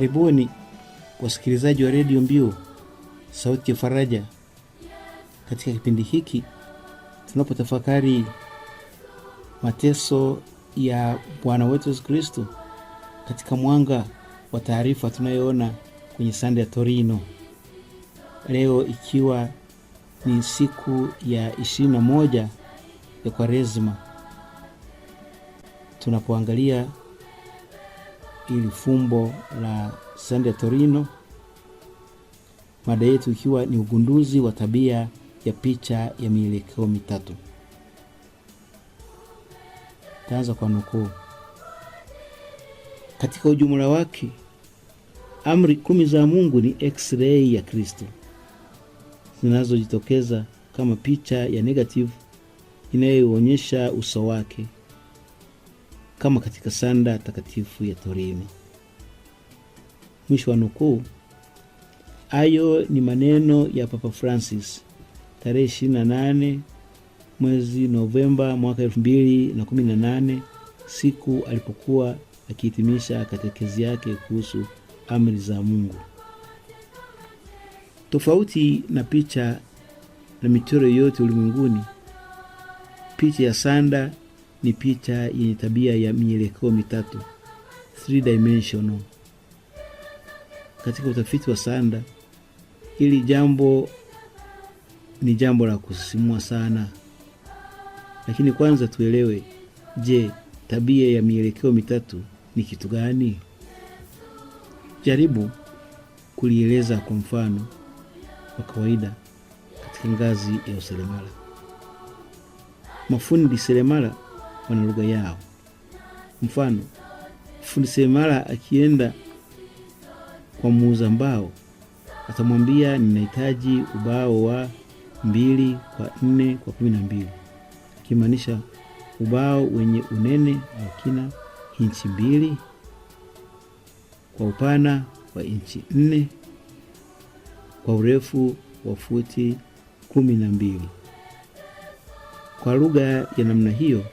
Karibuni wasikilizaji wa redio Mbiu sauti ya Faraja, katika kipindi hiki tunapotafakari mateso ya Bwana wetu Yesu Kristo katika mwanga wa taarifa tunayoona kwenye sande ya Torino, leo ikiwa ni siku ya ishirini na moja ya kwarezma tunapoangalia ili fumbo la Sande Torino, mada yetu ikiwa ni ugunduzi wa tabia ya picha ya mielekeo mitatu. Taanza kwa nukuu. Katika ujumla wake, amri kumi za Mungu ni x-ray ya Kristo zinazojitokeza kama picha ya negative inayoonyesha uso wake kama katika sanda takatifu ya Torini. Mwisho wa nukuu. Hayo ni maneno ya Papa Francis tarehe 28 mwezi Novemba mwaka 2018 siku alipokuwa akihitimisha katekezi yake kuhusu amri za Mungu. Tofauti na picha na michoro yote ulimwenguni, picha ya sanda ni picha yenye tabia ya mielekeo mitatu three dimensional. Katika utafiti wa sanda, hili jambo ni jambo la kusisimua sana, lakini kwanza tuelewe, je, tabia ya mielekeo mitatu ni kitu gani? Jaribu kulieleza kwa mfano wa kawaida katika ngazi ya useremala. Mafundi seremala wana lugha yao. Mfano, fundi seremala akienda kwa muuza mbao atamwambia ninahitaji ubao wa mbili kwa nne kwa kumi na mbili, akimaanisha ubao wenye unene wa kina inchi mbili kwa upana wa inchi nne kwa urefu wa futi kumi na mbili. Kwa lugha ya namna hiyo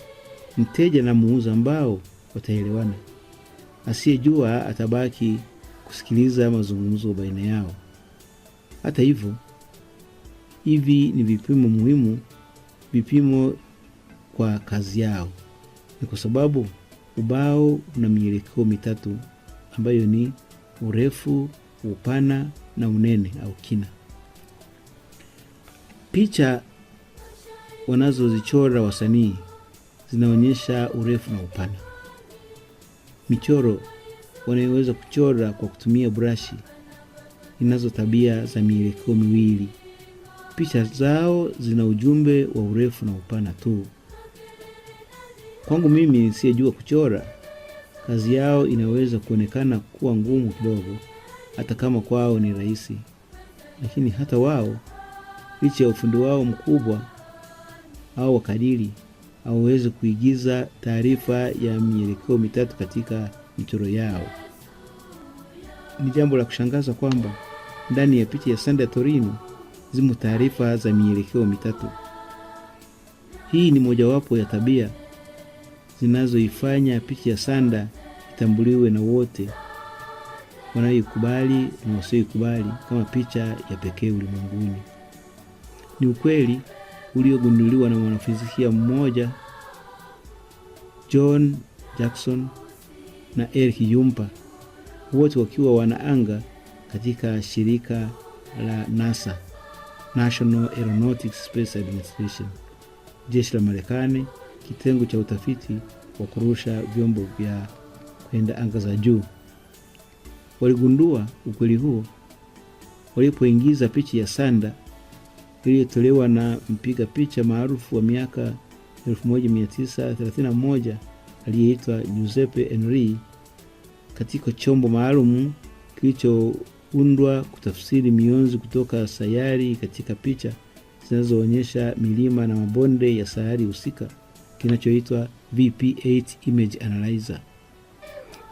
mteja na muuza ambao wataelewana. Asiyejua atabaki kusikiliza mazungumzo baina yao. Hata hivyo, hivi ni vipimo muhimu, vipimo kwa kazi yao. Ni kwa sababu ubao una mielekeo mitatu ambayo ni urefu, upana na unene au kina. Picha wanazozichora wasanii zinaonyesha urefu na upana. Michoro wanayoweza kuchora kwa kutumia brashi inazo tabia za mielekeo miwili. Picha zao zina ujumbe wa urefu na upana tu. Kwangu mimi nisiyejua kuchora, kazi yao inaweza kuonekana kuwa ngumu kidogo, hata kama kwao ni rahisi. Lakini hata wao licha ya ufundi wao mkubwa au wakadiri hawawezi kuigiza taarifa ya mielekeo mitatu katika michoro yao. Ni jambo la kushangaza kwamba ndani ya picha ya Sanda Torino zimo taarifa za mielekeo mitatu. Hii ni mojawapo ya tabia zinazoifanya picha ya sanda itambuliwe na wote wanaoikubali na wasioikubali kama picha ya pekee ulimwenguni. Ni ukweli uliogunduliwa na mwanafizikia mmoja John Jackson na Eric Yumpa, wote wakiwa wanaanga katika shirika la NASA, National Aeronautics Space Administration, jeshi la Marekani, kitengo cha utafiti wa kurusha vyombo vya kwenda anga za juu. Waligundua ukweli huo walipoingiza picha ya sanda iliyotolewa na mpiga picha maarufu wa miaka 1931 aliyeitwa Giuseppe Enrì katika chombo maalum kilichoundwa kutafsiri mionzi kutoka sayari katika picha zinazoonyesha milima na mabonde ya sayari husika kinachoitwa VP8 Image Analyzer.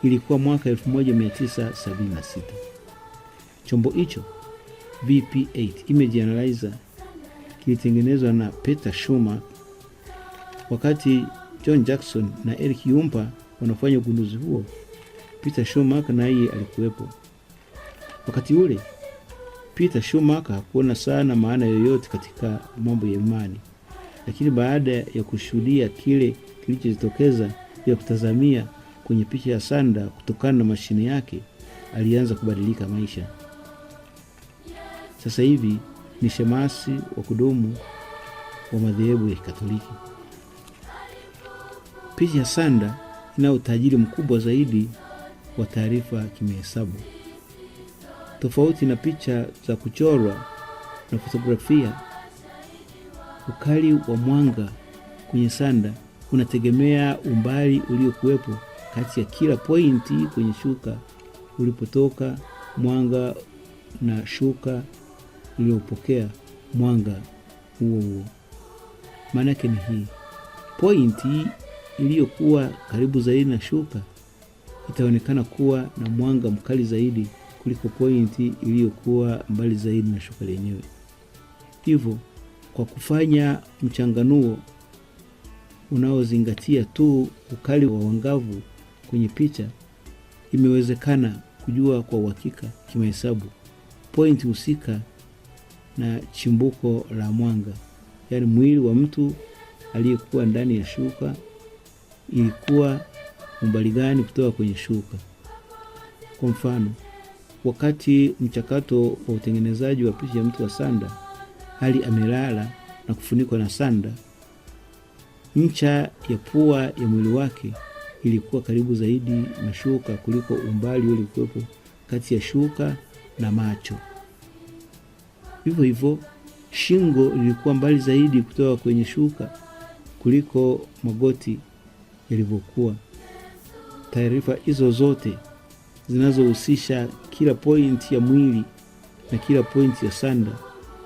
Ilikuwa mwaka 1976. Chombo hicho VP8 Image Analyzer kilitengenezwa na Peter Shuma wakati John Jackson na Eric Yumpa wanafanya ugunduzi huo. Peter Schumacher naye alikuwepo wakati ule. Peter Schumacher hakuona sana maana yoyote katika mambo ya imani, lakini baada ya kushuhudia kile kilichojitokeza ya kutazamia kwenye picha ya sanda kutokana na mashine yake, alianza kubadilika maisha. Sasa hivi ni shemasi wa kudumu wa madhehebu ya Kikatoliki. Picha ya sanda ina utajiri mkubwa zaidi wa taarifa kimehesabu. tofauti na picha za kuchorwa na fotografia. Ukali wa mwanga kwenye sanda unategemea umbali uliokuwepo kati ya kila pointi kwenye shuka ulipotoka mwanga na shuka uliopokea mwanga huo huo. Maana yake ni hii pointi iliyokuwa karibu zaidi na shuka itaonekana kuwa na mwanga mkali zaidi kuliko pointi iliyokuwa mbali zaidi na shuka lenyewe. Hivyo, kwa kufanya mchanganuo unaozingatia tu ukali wa wangavu kwenye picha, imewezekana kujua kwa uhakika kimahesabu pointi husika na chimbuko la mwanga, yaani mwili wa mtu aliyekuwa ndani ya shuka ilikuwa umbali gani kutoka kwenye shuka. Kwa mfano, wakati mchakato wa utengenezaji wa picha ya mtu wa sanda hali amelala na kufunikwa na sanda, ncha ya pua ya mwili wake ilikuwa karibu zaidi na shuka kuliko umbali uliokuwepo kati ya shuka na macho. Vivyo hivyo shingo ilikuwa mbali zaidi kutoka kwenye shuka kuliko magoti yalivyokuwa. Taarifa hizo zote zinazohusisha kila pointi ya mwili na kila pointi ya sanda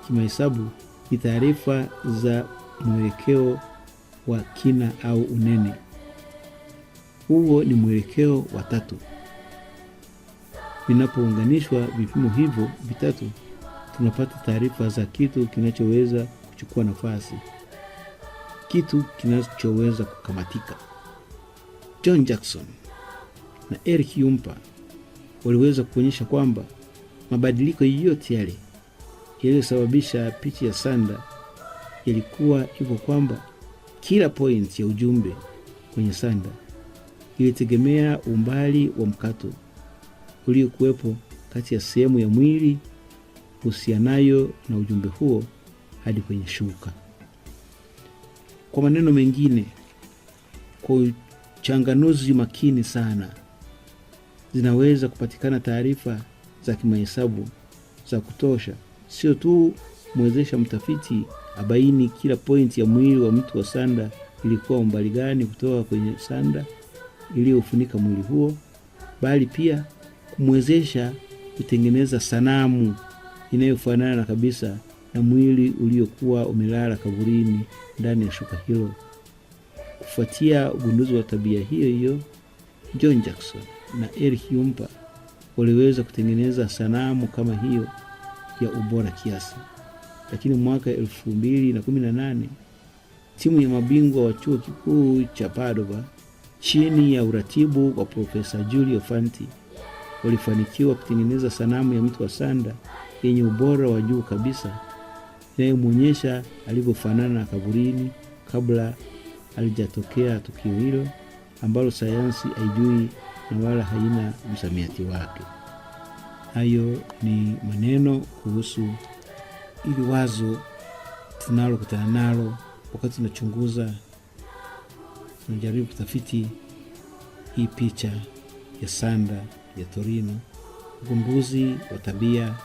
kimahesabu ni taarifa za mwelekeo wa kina au unene. Huo ni mwelekeo wa tatu. Vinapounganishwa vipimo hivyo vitatu tunapata taarifa za kitu kinachoweza kuchukua nafasi, kitu kinachoweza kukamatika. John Jackson na Eric Yumpa waliweza kuonyesha kwamba mabadiliko yote yale yaliyosababisha pichi ya sanda yalikuwa hivyo kwamba kila point ya ujumbe kwenye sanda ilitegemea umbali wa mkato uliokuwepo kati ya sehemu ya mwili husianayo na ujumbe huo hadi kwenye shuka. Kwa maneno mengine, kwa uchanganuzi makini sana, zinaweza kupatikana taarifa za kimahesabu za kutosha, sio tu mwezesha mtafiti abaini kila pointi ya mwili wa mtu wa sanda ilikuwa umbali gani kutoka kwenye sanda iliyofunika mwili huo, bali pia kumwezesha kutengeneza sanamu inayofanana kabisa na mwili uliokuwa umelala kaburini ndani ya shuka hilo. Kufuatia ugunduzi wa tabia hiyo hiyo, John Jackson na Eric Yumpa waliweza kutengeneza sanamu kama hiyo ya ubora kiasi. Lakini mwaka elfu mbili na kumi na nane timu ya mabingwa wa chuo kikuu cha Padova chini ya uratibu wa Profesa Giulio Fanti walifanikiwa kutengeneza sanamu ya mtu wa sanda yenye ubora wa juu kabisa inayomwonyesha alivyofanana na kaburini kabla alijatokea tukio hilo ambalo sayansi haijui na wala haina msamiati wake. Hayo ni maneno kuhusu ili wazo tunalokutana nalo wakati tunachunguza, tunajaribu kutafiti hii picha ya sanda ya Torino, ugunduzi wa tabia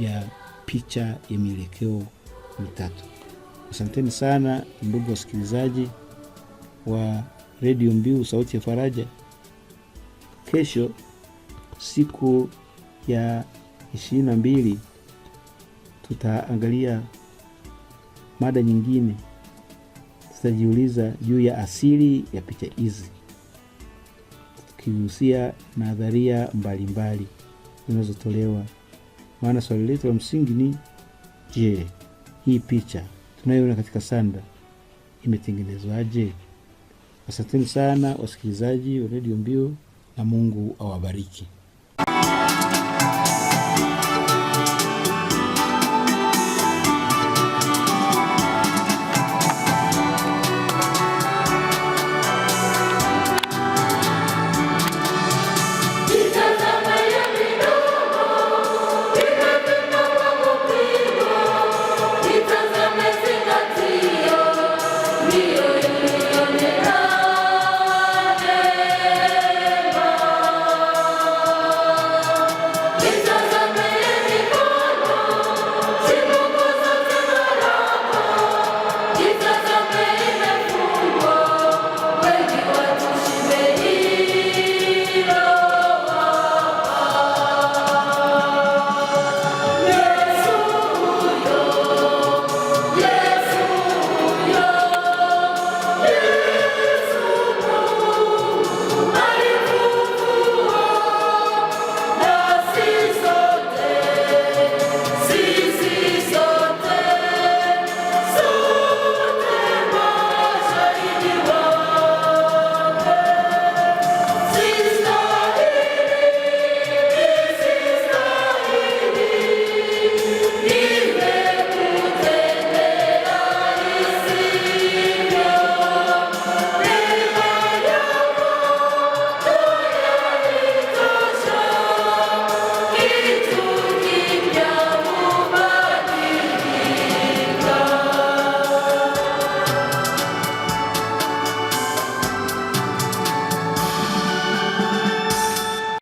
ya picha ya mielekeo mitatu. Asanteni sana ndugu wasikilizaji wa redio Mbiu sauti ya Faraja. Kesho siku ya ishirini na mbili tutaangalia mada nyingine, tutajiuliza juu ya asili ya picha hizi tukihusia nadharia mbalimbali zinazotolewa maana swali letu la msingi ni je, hii picha tunayoona katika sanda imetengenezwaje? Asanteni sana wasikilizaji wa redio mbio na Mungu awabariki.